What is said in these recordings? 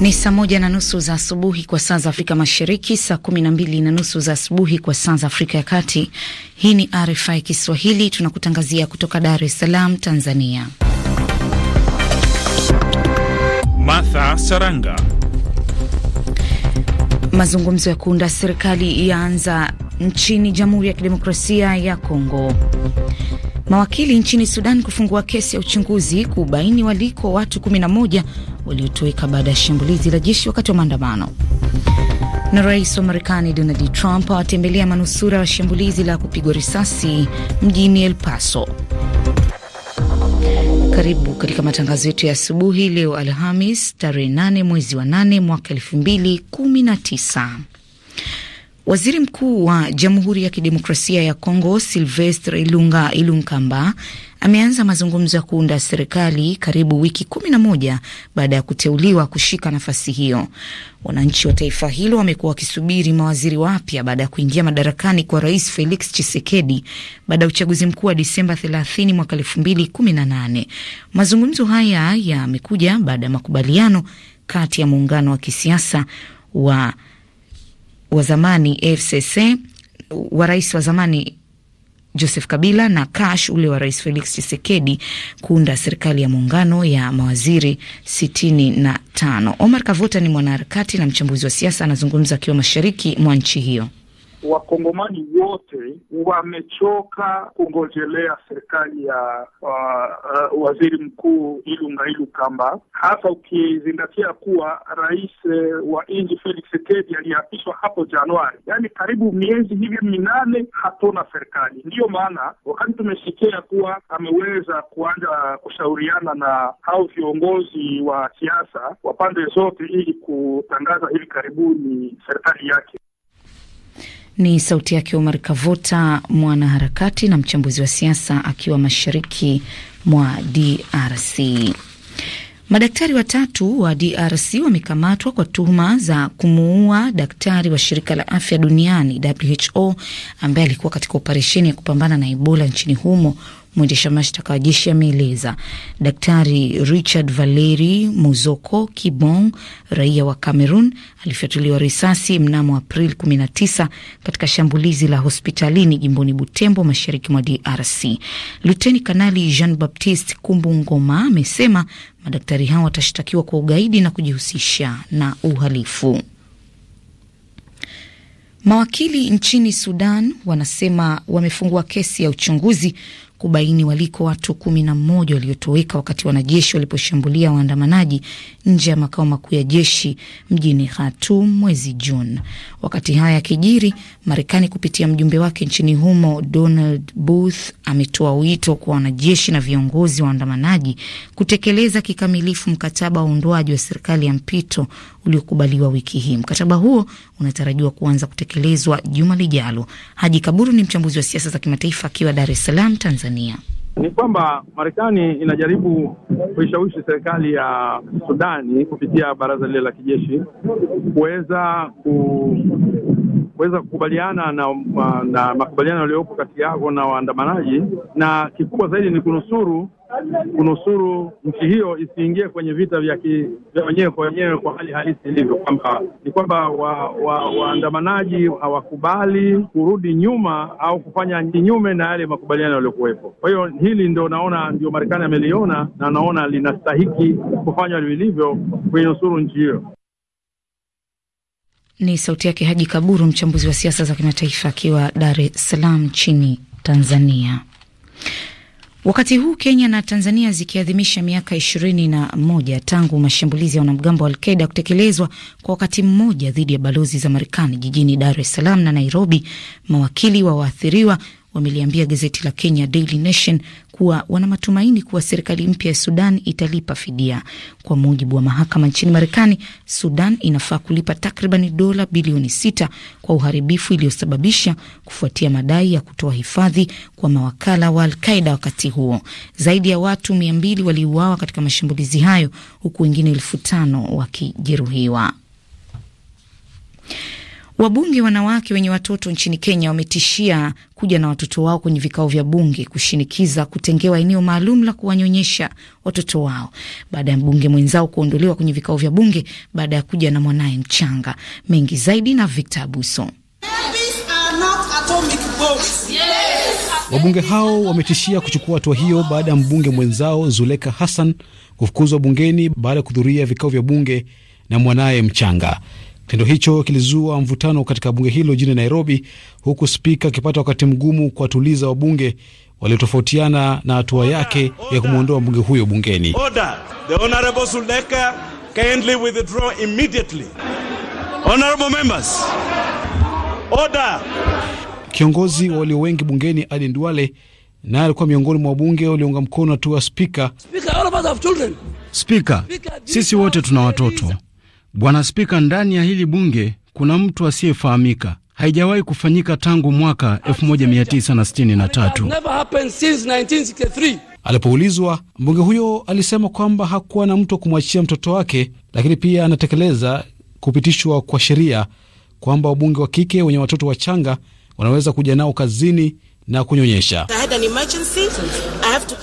Ni saa moja na nusu za asubuhi kwa saa za Afrika Mashariki, saa kumi na mbili na nusu za asubuhi kwa saa za Afrika ya Kati. Hii ni RFI Kiswahili, tunakutangazia kutoka Dar es Salaam, Tanzania. Martha Saranga. Mazungumzo ya kuunda serikali yaanza nchini Jamhuri ya Kidemokrasia ya Kongo. Mawakili nchini Sudan kufungua kesi ya uchunguzi kubaini waliko watu 11 waliotoweka baada ya shambulizi la jeshi wakati wa maandamano. Na rais wa Marekani Donald Trump awatembelea manusura wa shambulizi la kupigwa risasi mjini El Paso. Karibu katika matangazo yetu ya asubuhi leo Alhamis tarehe 8 mwezi wa 8 mwaka 2019. Waziri Mkuu wa Jamhuri ya Kidemokrasia ya Kongo Silvestre Ilunga Ilunkamba ameanza mazungumzo ya kuunda serikali karibu wiki kumi na moja baada ya kuteuliwa kushika nafasi hiyo. Wananchi wa taifa hilo wamekuwa wakisubiri mawaziri wapya baada ya kuingia madarakani kwa Rais Felix Tshisekedi baada ya uchaguzi mkuu wa Disemba 30 mwaka 2018. Mazungumzo haya yamekuja baada ya makubaliano kati ya muungano wa kisiasa wa wa zamani FCC wa rais wa zamani Joseph Kabila na kash ule wa Rais Felix Tshisekedi kuunda serikali ya muungano ya mawaziri sitini na tano. Omar Kavota ni mwanaharakati na mchambuzi wa siasa, anazungumza akiwa mashariki mwa nchi hiyo. Wakongomani wote wamechoka kungojelea serikali ya uh, uh, waziri mkuu Ilunga kamba hasa ukizingatia kuwa rais uh, wa nchi Felix Tshisekedi aliyeapishwa hapo Januari, yaani karibu miezi hivi minane hatuna serikali. Ndiyo maana wakati tumesikia kuwa ameweza kuanza kushauriana na hao viongozi wa siasa wa pande zote ili kutangaza hivi karibuni serikali yake. Ni sauti yake Omar Kavota, mwanaharakati na mchambuzi wa siasa, akiwa mashariki mwa DRC. Madaktari watatu wa DRC wamekamatwa kwa tuhuma za kumuua daktari wa shirika la afya duniani WHO ambaye alikuwa katika operesheni ya kupambana na Ebola nchini humo Mwendesha mashtaka wa jeshi ameeleza Daktari Richard Valeri Muzoko Kibong, raia wa Cameroon, alifyatuliwa risasi mnamo Aprili 19 katika shambulizi la hospitalini jimboni Butembo, mashariki mwa DRC. Luteni Kanali Jean Baptiste Kumbu Ngoma amesema madaktari hao watashtakiwa kwa ugaidi na kujihusisha na uhalifu. Mawakili nchini Sudan wanasema wamefungua kesi ya uchunguzi kubaini waliko watu kumi na mmoja waliotoweka wakati wanajeshi waliposhambulia waandamanaji nje ya makao makuu ya jeshi mjini Khartoum mwezi Juni. Wakati haya yakijiri, Marekani kupitia mjumbe wake nchini humo Donald Booth ametoa wito kwa wanajeshi na viongozi wa waandamanaji kutekeleza kikamilifu mkataba wa uundwaji wa serikali ya mpito uliokubaliwa wiki hii. Mkataba huo unatarajiwa kuanza kutekelezwa juma lijalo. Haji Kaburu ni mchambuzi wa siasa za kimataifa akiwa Dar es Salaam, Tanzania. Tanzania? Ni kwamba Marekani inajaribu kuishawishi serikali ya Sudani kupitia baraza lile la kijeshi kuweza ku kuweza kukubaliana na, na makubaliano yaliyopo kati yako na waandamanaji, na kikubwa zaidi ni kunusuru kunusuru nchi hiyo isiingie kwenye vita vya wenyewe kwa wenyewe kwa hali halisi ilivyo, kwamba ni kwamba waandamanaji wa, wa hawakubali kurudi nyuma au kufanya kinyume na yale makubaliano yaliyokuwepo. Kwa hiyo hili ndo naona ndio Marekani ameliona na naona linastahiki kufanywa vilivyo kuinusuru nchi hiyo. Ni sauti yake Haji Kaburu, mchambuzi wa siasa za kimataifa akiwa Dar es Salaam nchini Tanzania. Wakati huu Kenya na Tanzania zikiadhimisha miaka ishirini na moja tangu mashambulizi ya wanamgambo wa Alqaida kutekelezwa kwa wakati mmoja dhidi ya balozi za Marekani jijini Dar es Salaam na Nairobi, mawakili wa waathiriwa wameliambia gazeti la Kenya Daily Nation kuwa wana matumaini kuwa serikali mpya ya Sudan italipa fidia. Kwa mujibu wa mahakama nchini Marekani, Sudan inafaa kulipa takriban dola bilioni sita kwa uharibifu iliyosababisha kufuatia madai ya kutoa hifadhi kwa mawakala wa Alqaida. Wakati huo zaidi ya watu mia mbili waliuawa katika mashambulizi hayo huku wengine elfu tano wakijeruhiwa. Wabunge wanawake wenye watoto nchini Kenya wametishia kuja na watoto wao kwenye vikao vya bunge kushinikiza kutengewa eneo maalum la kuwanyonyesha watoto wao baada ya mbunge mwenzao kuondolewa kwenye vikao vya bunge baada ya kuja na mwanaye mchanga. Mengi zaidi na Victor Abuso. Wabunge hao wametishia kuchukua hatua hiyo baada ya mbunge mwenzao Zuleka Hassan kufukuzwa bungeni baada ya kuhudhuria vikao vya bunge na mwanaye mchanga. Kitendo hicho kilizua mvutano katika bunge hilo jijini Nairobi, huku spika akipata wakati mgumu kuwatuliza wabunge waliotofautiana na hatua yake order, ya kumwondoa mbunge huyo bungeni. Kiongozi wa walio wengi bungeni Aden Duale naye alikuwa miongoni mwa wabunge waliounga mkono hatua ya spika. Spika, sisi wote tuna watoto Bwana Spika, ndani ya hili bunge kuna mtu asiyefahamika. Haijawahi kufanyika tangu mwaka 1963. Alipoulizwa, mbunge huyo alisema kwamba hakuwa na mtu wa kumwachia mtoto wake, lakini pia anatekeleza kupitishwa kwa sheria kwamba wabunge wa kike wenye watoto wachanga wanaweza kuja nao kazini na kunyonyesha.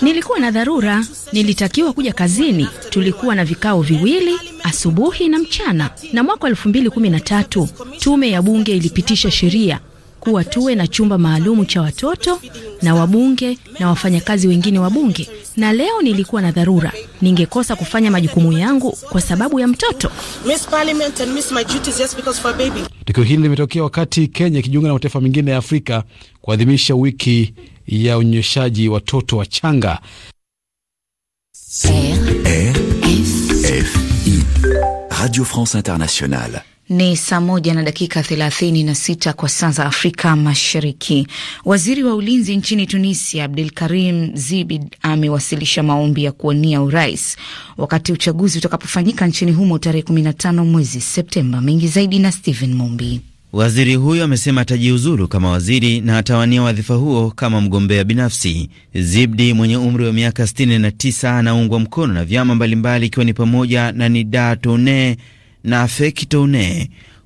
Nilikuwa na dharura, nilitakiwa kuja kazini. Tulikuwa na vikao viwili asubuhi na mchana, na mwaka w213 tume ya bunge ilipitisha sheria kuwa tuwe na chumba maalumu cha watoto na wabunge na wafanyakazi wengine wa bunge, na leo nilikuwa na dharura, ningekosa kufanya majukumu yangu kwa sababu ya mtoto. Tukio hili limetokea wakati Kenya ikijiunga na mataifa mengine ya Afrika kuadhimisha wiki ya unyonyeshaji watoto wachanga. Radio France Internationale. Ni saa moja na dakika thelathini na sita kwa saa za Afrika Mashariki. Waziri wa ulinzi nchini Tunisia Abdul Karim Zibid amewasilisha maombi ya kuwania urais wakati uchaguzi utakapofanyika nchini humo tarehe 15 mwezi Septemba. Mengi zaidi na Stephen Mumbi. Waziri huyo amesema atajiuzulu kama waziri na atawania wadhifa huo kama mgombea binafsi. Zibdi mwenye umri wa miaka 69 anaungwa mkono na vyama mbalimbali ikiwa ni pamoja na Nidatone na Feki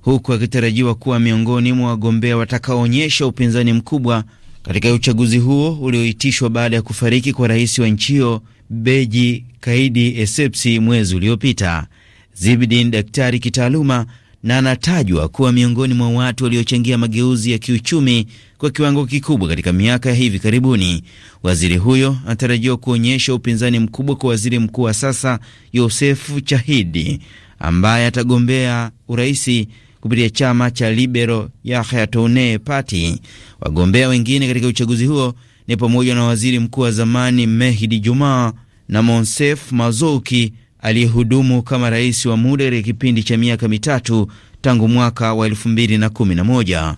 huku akitarajiwa kuwa miongoni mwa wagombea watakaoonyesha upinzani mkubwa katika uchaguzi huo ulioitishwa baada ya kufariki kwa rais wa nchi hiyo Beji Kaidi Esepsi mwezi uliopita. Zibidin daktari kitaaluma na anatajwa kuwa miongoni mwa watu waliochangia mageuzi ya kiuchumi kwa kiwango kikubwa katika miaka ya hivi karibuni. Waziri huyo anatarajiwa kuonyesha upinzani mkubwa kwa waziri mkuu wa sasa Yosefu Chahidi ambaye atagombea uraisi kupitia chama cha Libero ya Toune Party. Wagombea wengine katika uchaguzi huo ni pamoja na waziri mkuu wa zamani Mehdi Juma na Monsef Mazouki aliyehudumu kama rais wa muda katika kipindi cha miaka mitatu tangu mwaka wa 211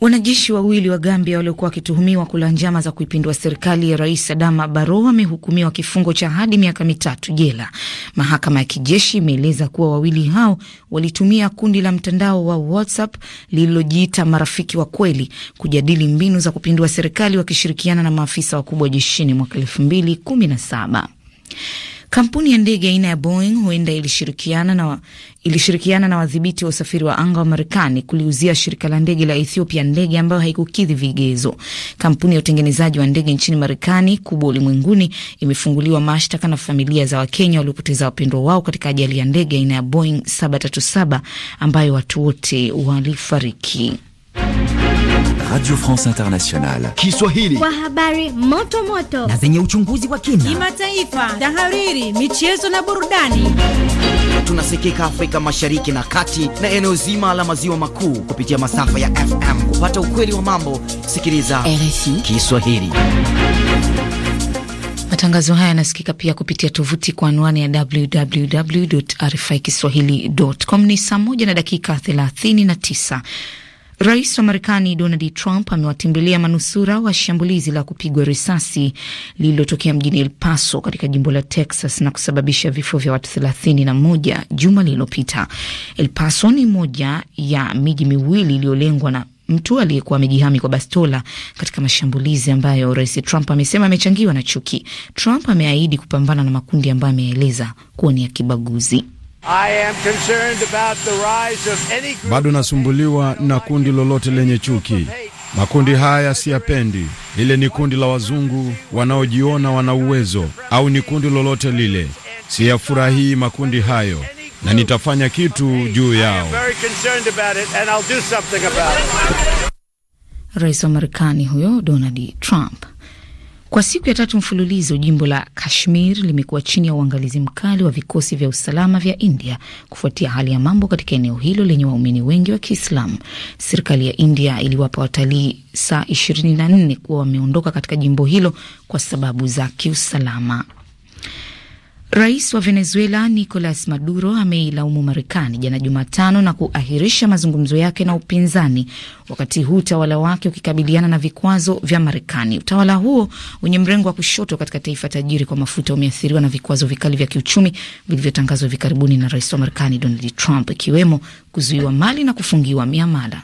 Wanajeshi wawili wa Gambia waliokuwa wakituhumiwa kula njama za kuipindua serikali ya Rais Adama Barrow wamehukumiwa kifungo cha hadi miaka mitatu jela. Mahakama ya kijeshi imeeleza kuwa wawili hao walitumia kundi la mtandao wa WhatsApp lililojiita marafiki wa kweli kujadili mbinu za kupindua serikali wakishirikiana na maafisa wakubwa jeshini mwaka elfu mbili kumi na saba. Kampuni ya ndege aina ya Boeing huenda ilishirikiana na ilishirikiana na wadhibiti wa usafiri wa anga wa Marekani kuliuzia shirika la ndege la Ethiopia ndege ambayo haikukidhi vigezo. Kampuni ya utengenezaji wa ndege nchini Marekani, kubwa ulimwenguni, imefunguliwa mashtaka na familia za Wakenya waliopoteza wapendwa wao katika ajali ya ndege aina ya Boeing 737 ambayo watu wote walifariki. Radio France Internationale. Kiswahili. Kwa habari moto moto na zenye uchunguzi wa kina, kimataifa, tahariri, michezo na burudani. Tunasikika Afrika Mashariki na Kati na eneo zima la maziwa makuu kupitia masafa ya FM. Kupata ukweli wa mambo, sikiliza RFI Kiswahili. Matangazo haya yanasikika pia kupitia tovuti kwa anwani ya www.rfikiswahili.com. Ni saa moja na dakika 39. Rais wa Marekani Donald Trump amewatembelea manusura wa shambulizi la kupigwa risasi lililotokea mjini El Paso katika jimbo la Texas na kusababisha vifo vya watu 31 juma lililopita. El Paso ni moja ya miji miwili iliyolengwa na mtu aliyekuwa amejihami kwa bastola katika mashambulizi ambayo rais Trump amesema amechangiwa na chuki. Trump ameahidi kupambana na makundi ambayo ameeleza kuwa ni ya kibaguzi. Bado nasumbuliwa na kundi lolote lenye chuki. Makundi haya siyapendi. Lile ni kundi la wazungu wanaojiona wana uwezo, au ni kundi lolote lile. Siyafurahii makundi hayo, na nitafanya kitu juu yao. Rais wa Marekani huyo Donald Trump. Kwa siku ya tatu mfululizo jimbo la Kashmir limekuwa chini ya uangalizi mkali wa vikosi vya usalama vya India kufuatia hali ya mambo katika eneo hilo lenye waumini wengi wa Kiislamu. Serikali ya India iliwapa watalii saa 24 kuwa wameondoka katika jimbo hilo kwa sababu za kiusalama. Rais wa Venezuela Nicolas Maduro ameilaumu Marekani jana Jumatano na kuahirisha mazungumzo yake na upinzani, wakati huu utawala wake ukikabiliana na vikwazo vya Marekani. Utawala huo wenye mrengo wa kushoto katika taifa tajiri kwa mafuta umeathiriwa na vikwazo vikali vya kiuchumi vilivyotangazwa hivi karibuni na rais wa Marekani Donald Trump, ikiwemo kuzuiwa mali na kufungiwa miamala.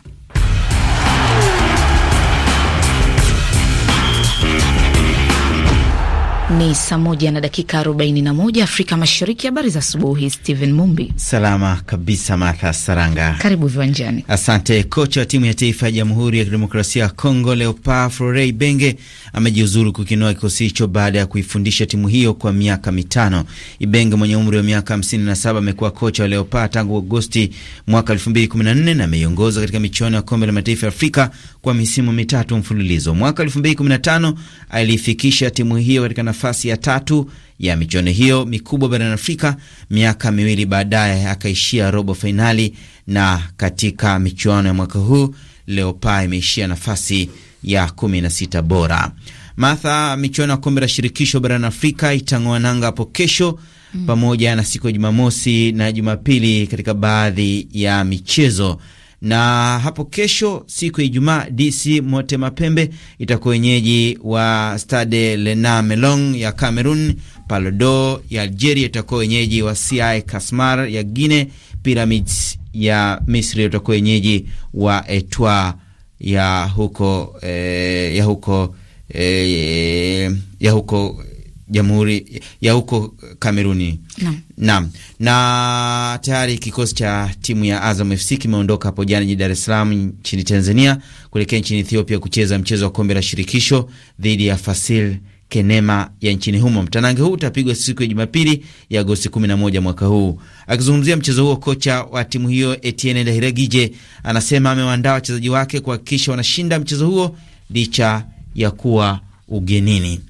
Ni saa moja na dakika arobaini na moja Afrika Mashariki. Habari za asubuhi, Steven Mumbi. Salama kabisa, Martha Saranga, karibu viwanjani. Asante. Kocha wa timu ya taifa ya Jamhuri ya Kidemokrasia ya Kongo Leopard Florey Benge amejiuzuru kukinoa kikosi hicho baada ya kuifundisha timu hiyo kwa miaka mitano. Ibenge mwenye umri wa miaka 57 amekuwa kocha wa Leopard tangu Agosti mwaka 2014 na ameiongoza katika michuano ya Kombe la Mataifa ya Afrika kwa misimu mitatu mfululizo. Mwaka 2015 alifikisha timu hiyo katika nafasi ya tatu ya michuano hiyo mikubwa barani Afrika. Miaka miwili baadaye akaishia robo fainali, na katika michuano ya mwaka huu Leopa imeishia nafasi ya sita bora. Martha, michuano ya kombe la shirikisho barani Afrika itang'oa nanga hapo kesho mm, pamoja na siku ya Jumamosi na Jumapili katika baadhi ya michezo na hapo kesho, siku ya Ijumaa, DC Motema Pembe itakuwa wenyeji wa Stade Lena Melong ya Cameroon. Palodo ya Algeria itakuwa wenyeji wa CI Kasmar ya Guine. Pyramids ya Misri itakuwa wenyeji wa Etwa ya huko, eh, ya huko, eh, ya huko jamhuri ya huko Kameruni. Naam. Naam. Na tayari kikosi cha timu ya Azam FC kimeondoka hapo jana jijini Dar es Salaam nchini Tanzania kuelekea nchini Ethiopia kucheza mchezo wa kombe la shirikisho dhidi ya Fasil Kenema ya nchini humo. Mtanange huu utapigwa siku ya Jumapili ya Agosti 11 mwaka huu. Akizungumzia mchezo huo, kocha wa timu hiyo Etienne Ndayiragije anasema amewaandaa wachezaji wake kuhakikisha wanashinda mchezo huo licha ya kuwa ugenini.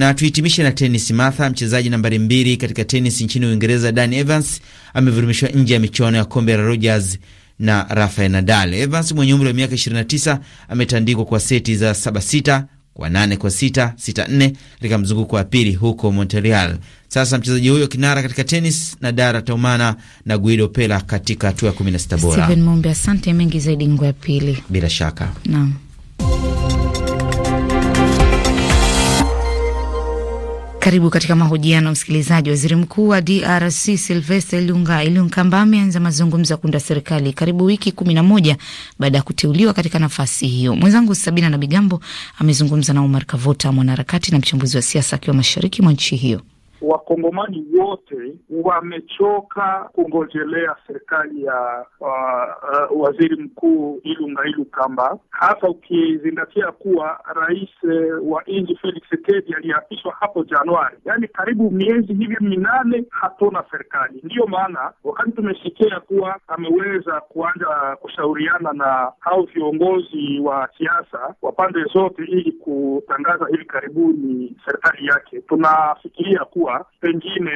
Na tuhitimishe na tenis. Martha, mchezaji nambari mbili katika tenis nchini Uingereza, Dani Evans amevurumishwa nje ya michuano ya kombe la Rogers na Rafael Nadal. Evans mwenye umri wa miaka 29 ametandikwa kwa seti za 7-6 kwa 8 kwa 6 6-4 katika mzunguko wa pili huko Montreal. Sasa mchezaji huyo kinara katika tenis na Dara Taumana na Guido pela katika hatua ya 16 bora. Steven Mumbi, asante mengi zaidi ngwe ya pili. Bila shaka. Naam. Karibu katika mahojiano msikilizaji. Waziri mkuu wa DRC Silvestre Ilunga Ilunkamba ameanza mazungumzo ya kuunda serikali karibu wiki kumi na moja baada ya kuteuliwa katika nafasi hiyo. Mwenzangu Sabina na Bigambo amezungumza na Omar Kavota, mwanaharakati na mchambuzi wa siasa akiwa mashariki mwa nchi hiyo. Wakongomani wote wamechoka kungojelea serikali ya uh, uh, waziri mkuu Ilunga kamba hasa ukizingatia kuwa rais uh, wa nchi Felix Tshisekedi aliyeapishwa hapo Januari, yaani karibu miezi hivi minane hatuna serikali. Ndiyo maana wakati tumesikia kuwa ameweza kuanza kushauriana na hao viongozi wa siasa wa pande zote ili kutangaza hivi karibuni serikali yake, tunafikiria kuwa kuwa pengine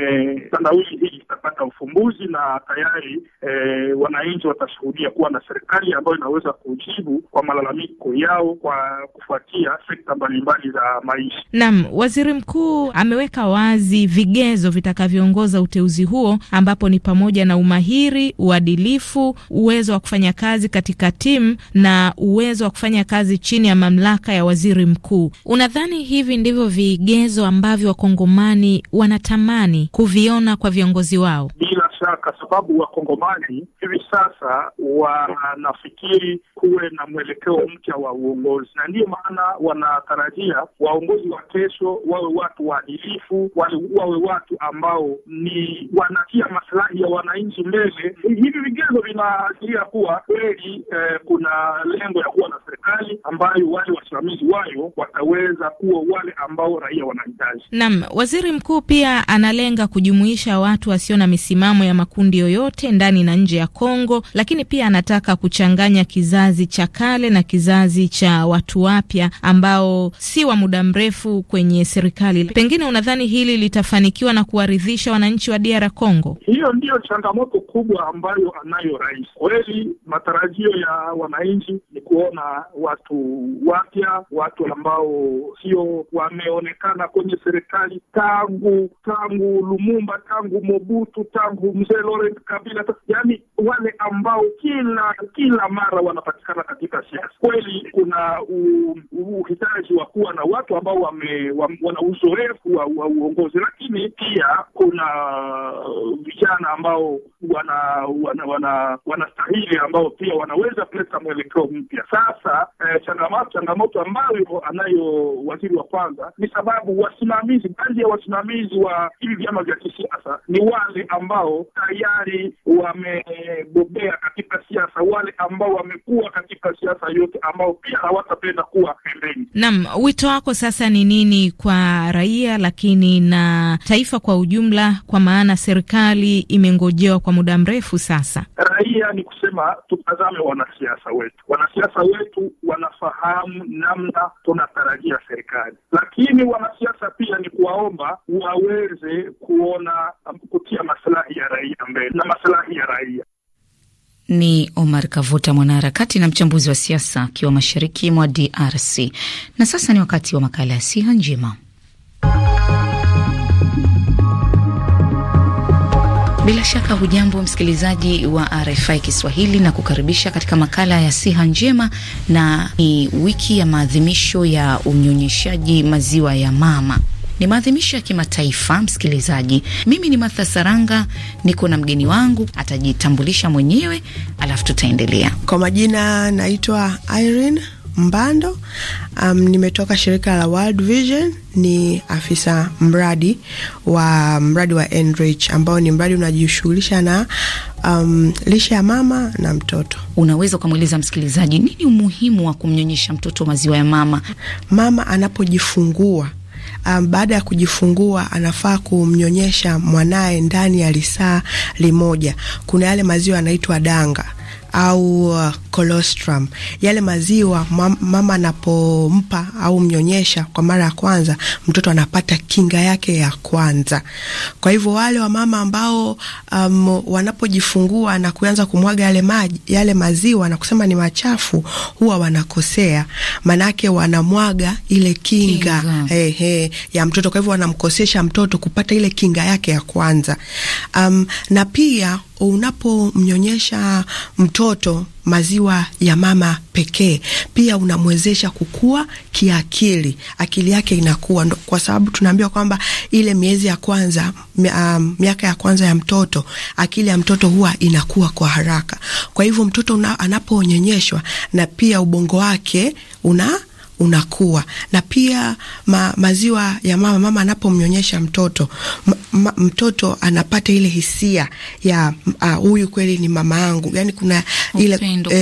tandawizi hii itapata ufumbuzi na tayari e, wananchi watashuhudia kuwa na serikali ambayo inaweza kujibu kwa malalamiko yao kwa kufuatia sekta mbalimbali za maisha. Naam, waziri mkuu ameweka wazi vigezo vitakavyoongoza uteuzi huo ambapo ni pamoja na umahiri, uadilifu, uwezo wa kufanya kazi katika timu na uwezo wa kufanya kazi chini ya mamlaka ya waziri mkuu. Unadhani hivi ndivyo vigezo ambavyo wakongomani wa wanatamani kuviona kwa viongozi wao bila shaka, sababu wakongomani hivi sasa wanafikiri kuwe na mwelekeo mpya wa uongozi, na ndiyo maana wanatarajia waongozi wa kesho wawe watu waadilifu, wawe watu ambao ni wanatia masilahi ya wananchi mbele. Hivi vigezo vinaashiria kuwa kweli eh, kuna lengo ya kuwa na serikali ambayo wale wasimamizi wayo wataweza kuwa wale ambao raia wanahitaji. Naam, waziri mkuu pia analenga kujumuisha watu wasio na misimamo ya makundi yoyote ndani na nje ya Kongo, lakini pia anataka kuchanganya kizazi cha kale na kizazi cha watu wapya ambao si wa muda mrefu kwenye serikali. Pengine unadhani hili litafanikiwa na kuwaridhisha wananchi wa DR Congo? Hiyo ndiyo changamoto kubwa ambayo anayo rais. Kweli matarajio ya wananchi ni kuona watu wapya, watu ambao sio wameonekana kwenye serikali tangu tangu Lumumba, tangu Mobutu, tangu Mzee Laurent Kabila, yani wale ambao kila kila mara wanapatikana katika siasa. Kweli kuna uhitaji wa kuwa na watu ambao wame, wana uzoefu wa, wa uongozi, lakini pia kuna vijana ambao wanastahili wana, wana, ambao pia wanaweza kuleta mwelekeo mpya. Sasa eh, changamoto changamoto ambayo anayo waziri wa kwanza ni sababu wasimamizi, baadhi ya wasimamizi wa hivi vyama vya kisiasa ni wale ambao tayari wame wamebobea katika siasa, wale ambao wamekuwa katika siasa yote, ambao pia hawatapenda kuwa pembeni. Naam, wito wako sasa ni nini kwa raia, lakini na taifa kwa ujumla, kwa maana serikali imengojewa kwa muda mrefu sasa? Raia ni kusema tutazame wanasiasa wetu, wanasiasa wetu wanafahamu namna tunatarajia serikali, lakini wanasiasa pia ni kuwaomba waweze kuona kutia maslahi ya raia mbele na maslahi ya raia ni Omar Kavuta, mwanaharakati na mchambuzi wa siasa akiwa mashariki mwa DRC. Na sasa ni wakati wa makala ya Siha Njema. Bila shaka hujambo msikilizaji wa RFI Kiswahili na kukaribisha katika makala ya siha njema. Na ni wiki ya maadhimisho ya unyonyeshaji maziwa ya mama. Ni maadhimisho ya kimataifa, msikilizaji. Mimi ni Martha Saranga, niko na mgeni wangu, atajitambulisha mwenyewe alafu tutaendelea. Kwa majina naitwa Irene Mbando. Um, nimetoka shirika la World Vision, ni afisa mradi wa mradi wa Enrich ambao ni mradi unajishughulisha na um, lishe ya mama na mtoto. Unaweza ukamweleza msikilizaji nini umuhimu wa kumnyonyesha mtoto maziwa ya mama? Mama anapojifungua um, baada ya kujifungua anafaa kumnyonyesha mwanaye ndani ya lisaa limoja. Kuna yale maziwa yanaitwa danga au uh, colostrum, yale maziwa mama anapompa au mnyonyesha kwa mara ya kwanza, mtoto anapata kinga yake ya kwanza. Kwa hivyo wale wamama ambao um, wanapojifungua na kuanza kumwaga yale maji, yale maziwa na kusema ni machafu, huwa wanakosea, manake wanamwaga ile kinga, kinga. He, he, ya mtoto. Kwa hivyo wanamkosesha mtoto kupata ile kinga yake ya kwanza um, na pia unapomnyonyesha mtoto maziwa ya mama pekee, pia unamwezesha kukua kiakili, akili yake inakuwa, kwa sababu tunaambiwa kwamba ile miezi ya kwanza um, miaka ya kwanza ya mtoto, akili ya mtoto huwa inakuwa kwa haraka. Kwa hivyo mtoto anaponyonyeshwa, na pia ubongo wake una unakuwa na pia ma, maziwa ya mama mama anapomnyonyesha mtoto m, mtoto anapata ile hisia ya huyu uh, kweli ni mama yangu, yani kuna ile eh,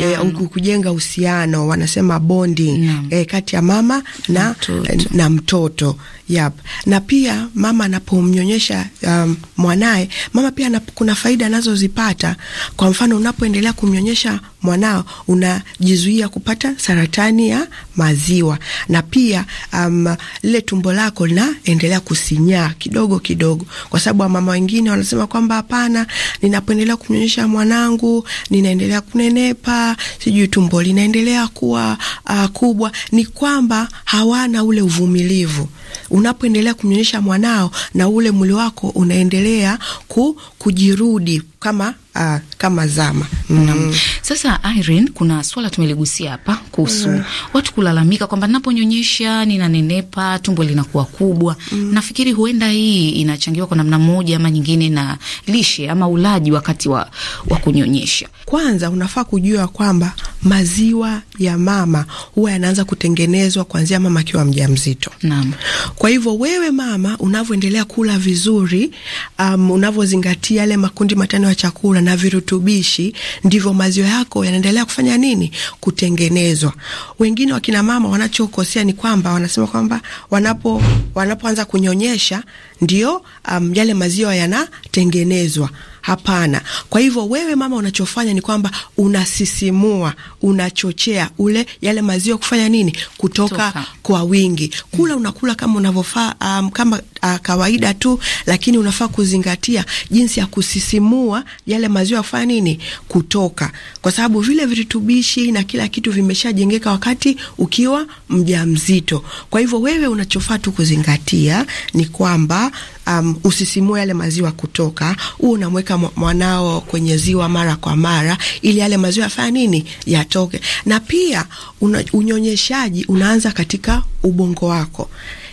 eh, kujenga uhusiano eh, wanasema bonding eh, kati ya mama na mtoto, na, mtoto. Yep. Na pia mama anapomnyonyesha um, mwanae mama pia na, kuna faida anazozipata. Kwa mfano unapoendelea kumnyonyesha mwanao unajizuia kupata saratani ndani ya maziwa, na pia um, lile tumbo lako linaendelea kusinyaa kidogo kidogo, kwa sababu wamama wengine wanasema kwamba hapana, ninapoendelea kumnyonyesha mwanangu ninaendelea kunenepa, sijui tumbo linaendelea kuwa uh, kubwa. Ni kwamba hawana ule uvumilivu. Unapoendelea kumnyonyesha mwanao na ule mwili wako unaendelea ku, kujirudi kama Uh, kama zama mm. Mm. Sasa Irene, kuna swala tumeligusia hapa kuhusu mm. watu kulalamika kwamba ninaponyonyesha ninanenepa, tumbo linakuwa kubwa mm. Nafikiri huenda hii inachangiwa kwa namna moja ama nyingine na lishe ama ulaji wakati wa, wa kunyonyesha. Kwanza unafaa kujua kwamba maziwa ya mama huwa yanaanza kutengenezwa kuanzia mama akiwa mjamzito. Naam. Kwa hivyo wewe mama unavyoendelea kula vizuri, um, unavyozingatia yale makundi matano chakula na virutubishi, ndivyo maziwa yako yanaendelea kufanya nini? Kutengenezwa. Wengine wakina mama wanachokosea ni kwamba wanasema kwamba wanapo wanapoanza kunyonyesha ndio um, yale maziwa yanatengenezwa Hapana. Kwa hivyo wewe mama, unachofanya ni kwamba unasisimua, unachochea ule yale maziwa kufanya nini, kutoka Toka. kwa wingi. Kula mm. unakula kama unavyofaa, um, kama uh, kawaida tu, lakini unafaa kuzingatia jinsi ya kusisimua yale maziwa kufanya nini, kutoka, kwa sababu vile virutubishi na kila kitu vimeshajengeka wakati ukiwa mjamzito. Kwa hivyo wewe unachofaa tu kuzingatia ni kwamba um, usisimue yale maziwa kutoka, huo unamweka mwanao kwenye ziwa mara kwa mara, ili yale maziwa yafanya nini, yatoke. Na pia una, unyonyeshaji unaanza katika ubongo wako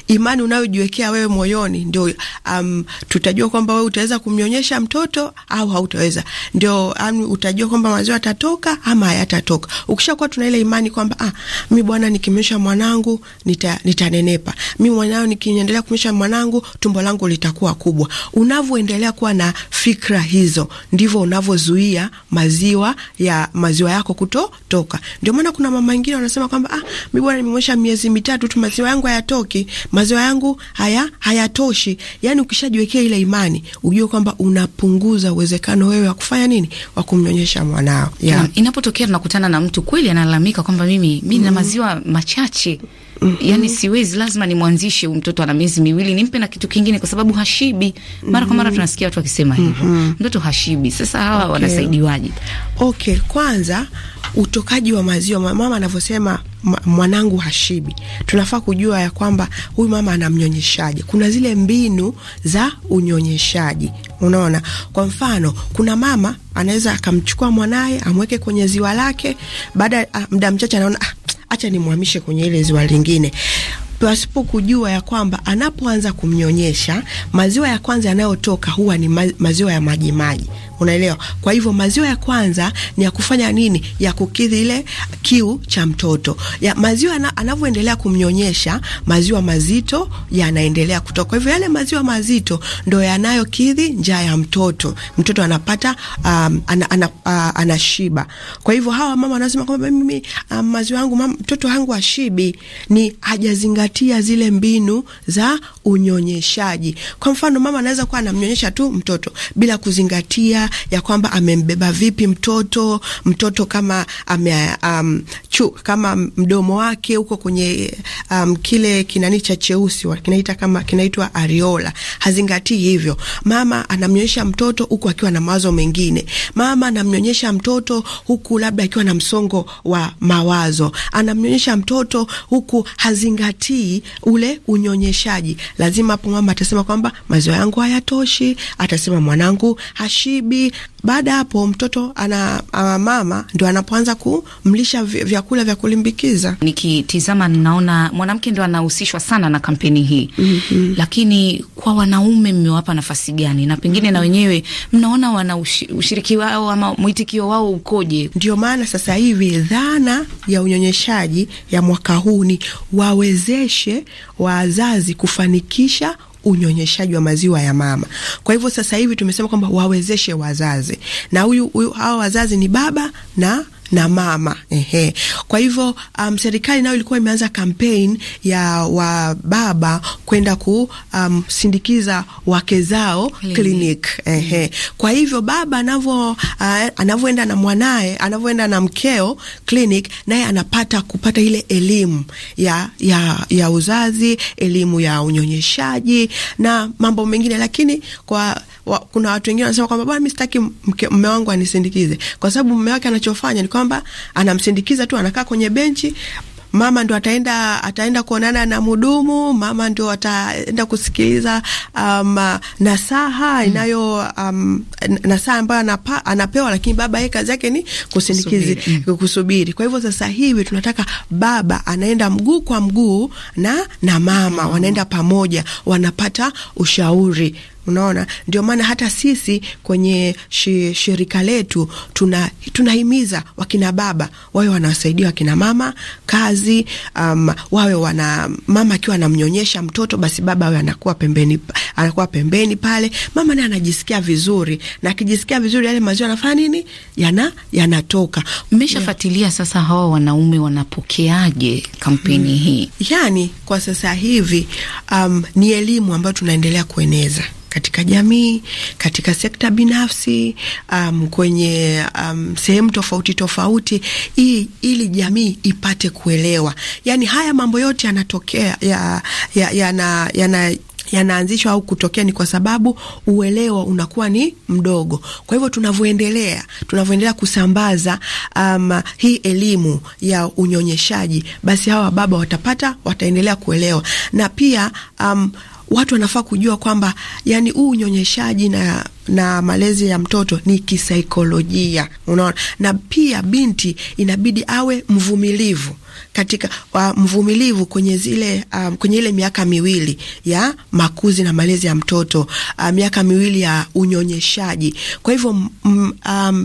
imani unayojiwekea wewe moyoni ndio, um, tutajua kwamba wewe utaweza kumnyonyesha mtoto au hautaweza. Ndio, um, utajua kwamba maziwa yatatoka ama hayatatoka. Ukishakuwa tuna ile imani kwamba ah, mi bwana, nikimnyonyesha mwanangu nita, nitanenepa mimi mwanao, nikiendelea kumnyonyesha mwanangu tumbo langu litakuwa kubwa. Unavyoendelea kuwa na fikra hizo, ndivyo unavyozuia maziwa ya maziwa yako kutotoka. Ndio maana kuna mama wengine wanasema kwamba ah, mi bwana, nimemnyonyesha miezi mitatu tu maziwa yangu hayatoki maziwa yangu haya hayatoshi. Yani ukishajiwekea ile imani, ujue kwamba unapunguza uwezekano wewe wa kufanya nini, wa kumnyonyesha mwanao yeah. Inapotokea tunakutana na mtu kweli analalamika kwamba mimi mi na mm. maziwa machache Mm -hmm. Yani siwezi, lazima nimwanzishe huyu mtoto, ana miezi miwili, nimpe na kitu kingine kwa sababu hashibi. Mara kwa mara mm-hmm. tunasikia watu wakisema mm -hmm. mtoto hashibi. Sasa hawa okay. wanasaidiwaje? Okay, kwanza utokaji wa maziwa, mama anavyosema mwanangu hashibi, tunafaa kujua ya kwamba huyu mama anamnyonyeshaje. Kuna zile mbinu za unyonyeshaji, unaona. Kwa mfano, kuna mama anaweza akamchukua mwanaye amweke kwenye ziwa lake, baada ah, muda mchache anaona ah, acha nimwamishe kwenye ile ziwa lingine pasipo kujua ya kwamba anapoanza kumnyonyesha maziwa ya kwanza yanayotoka huwa ni maziwa ya majimaji. Unaelewa? Kwa hivyo maziwa ya kwanza ni ya kufanya nini? Ya kukidhi ile kiu cha mtoto. Ya maziwa anavyoendelea kumnyonyesha, maziwa mazito yanaendelea kutoka. Kwa hivyo yale maziwa mazito ndo yanayokidhi njaa ya mtoto. Mtoto anapata um, ana, ana, ana, anashiba. Kwa hivyo hawa mama wanasema kwamba mimi um, maziwa yangu mtoto wangu ashibi, ni hajazingatia zile mbinu za unyonyeshaji. Kwa mfano mama anaweza kuwa anamnyonyesha tu mtoto bila kuzingatia ya kwamba amembeba vipi mtoto, mtoto kama ame, um, chu, kama mdomo wake uko kwenye um, kile kinani cha cheusi kinaita kama kinaitwa ariola hazingatii hivyo. Mama anamnyonyesha mtoto huku akiwa na mawazo mengine, mama anamnyonyesha mtoto huku labda akiwa na msongo wa mawazo, anamnyonyesha mtoto huku hazingatii ule unyonyeshaji. Lazima hapo mama atasema kwamba maziwa yangu hayatoshi, atasema mwanangu hashibi baada hapo mtoto ana ama mama ndio anapoanza kumlisha vyakula vya kulimbikiza. Nikitizama ninaona mwanamke ndio anahusishwa sana na kampeni hii mm -hmm. Lakini kwa wanaume mmewapa nafasi gani, na pengine mm -hmm. na wenyewe mnaona wana ushiriki wao ama mwitikio wao ukoje? Ndio maana sasa hivi dhana ya unyonyeshaji ya mwaka huu ni wawezeshe wazazi kufanikisha unyonyeshaji wa maziwa ya mama. Kwa hivyo sasa hivi tumesema kwamba wawezeshe wazazi, na huyu hawa wazazi ni baba na na mama ehe. Kwa hivyo um, serikali nayo ilikuwa imeanza kampeni ya wababa kwenda kusindikiza um, wake zao klinik ehe. Mm. Kwa hivyo baba anavyo uh, anavyoenda na mwanae anavyoenda na mkeo klinik, naye anapata kupata ile elimu ya, ya, ya uzazi, elimu ya unyonyeshaji na mambo mengine, lakini kwa wa, kuna watu wengine wanasema kwamba bwana, mimi sitaki mume wangu anisindikize, kwa sababu mume wake anachofanya ni kwamba anamsindikiza tu, anakaa kwenye benchi mama ndo ataenda ataenda kuonana na mhudumu, mama ndo ataenda kusikiliza um, nasaha hmm. inayo um, nasaha ambayo anapa, anapewa, lakini baba yeye kazi yake ni kusindikizi kusubiri. Hmm. kusubiri. Kwa hivyo sasa hivi tunataka baba anaenda mguu kwa mguu na na mama hmm. wanaenda pamoja, wanapata ushauri Unaona, ndio maana hata sisi kwenye shi, shirika letu tuna tunahimiza wakina baba wawe wanawasaidia wakina mama kazi, um, wawe wana mama akiwa anamnyonyesha mtoto basi baba awe anakuwa pembeni, anakuwa pembeni pale, mama naye anajisikia vizuri, na akijisikia vizuri yale maziwa anafanya nini, yana yanatoka. Mmeshafuatilia yeah. Sasa hawa wanaume wanapokeaje kampeni hmm. hii? Yani kwa sasa hivi um, ni elimu ambayo tunaendelea kueneza katika jamii, katika sekta binafsi, um, kwenye um, sehemu tofauti tofauti, ili, ili jamii ipate kuelewa. Yani haya mambo yote yanatokea ya, ya, ya, yana yanaanzishwa au kutokea ni kwa sababu uelewa unakuwa ni mdogo. Kwa hivyo tunavyoendelea tunavyoendelea kusambaza um, hii elimu ya unyonyeshaji, basi hawa baba watapata, wataendelea kuelewa na pia um, watu wanafaa kujua kwamba yani huu unyonyeshaji na na malezi ya mtoto ni kisaikolojia, unaona. Na pia binti inabidi awe mvumilivu katika wa mvumilivu kwenye zile um, kwenye ile miaka miwili ya makuzi na malezi ya mtoto uh, miaka miwili ya unyonyeshaji. Kwa hivyo um,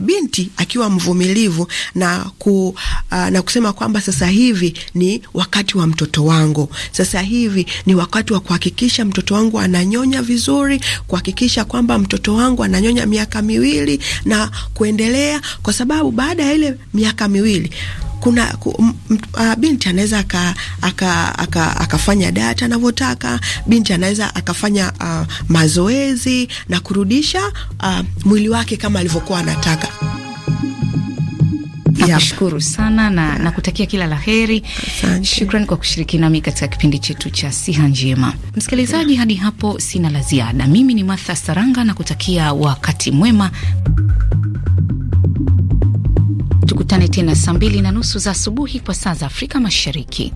binti akiwa mvumilivu na, ku, uh, na kusema kwamba sasa hivi ni wakati wa mtoto wangu, sasa hivi ni wakati wa kuhakikisha mtoto wangu ananyonya vizuri, kuhakikisha kwamba mtoto wangu ananyonya miaka miwili na kuendelea, kwa sababu baada ya ile miaka miwili kuna ku, a, ah, binti anaweza akafanya data anavyotaka. Binti anaweza akafanya a, ah, mazoezi na kurudisha a, ah, mwili wake kama alivyokuwa anataka. Nakushukuru sana na nakutakia kila la heri. shukran kwa kushiriki nami katika kipindi chetu cha Siha Njema. Msikilizaji, hadi hapo sina la ziada. Mimi ni Martha Saranga na kutakia wakati mwema. Tukutane tena saa mbili na nusu za asubuhi kwa saa za Afrika Mashariki.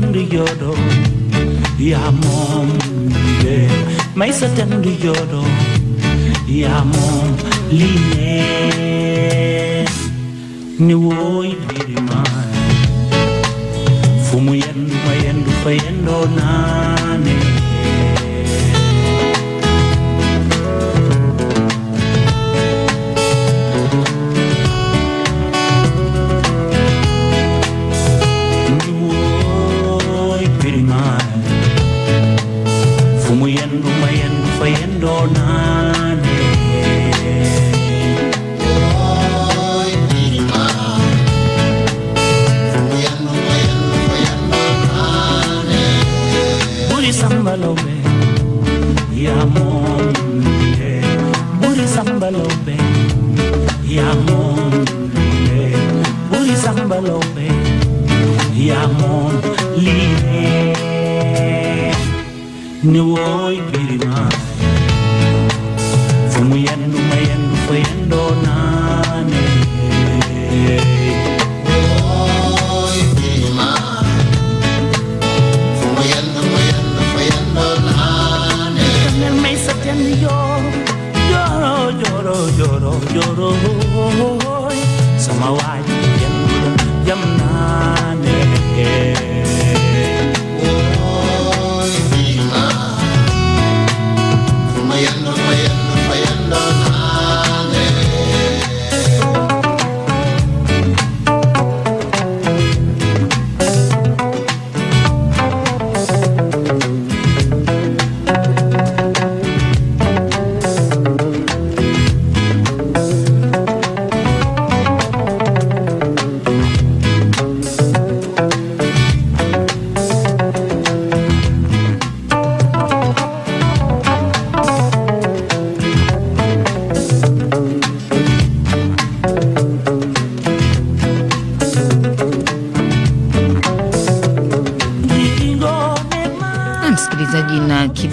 tendiyodo ya mom liye mai sa tendiyodo ya mom liye ni woy birima fumu yendu mayendu fayendo nane sambalobe ya monde buri sambalobe ya monde buri sambalobe ya monde libre ni woy pirima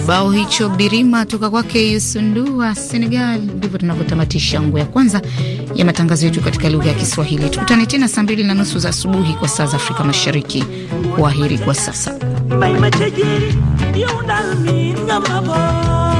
Kibao hicho Birima toka kwake Yusundu wa Senegal. Ndivyo tunavyotamatisha nguo ya kwanza ya matangazo yetu katika lugha ya Kiswahili. Tukutane tena saa mbili na nusu za asubuhi kwa saa za Afrika Mashariki. Kwaheri kwa sasa.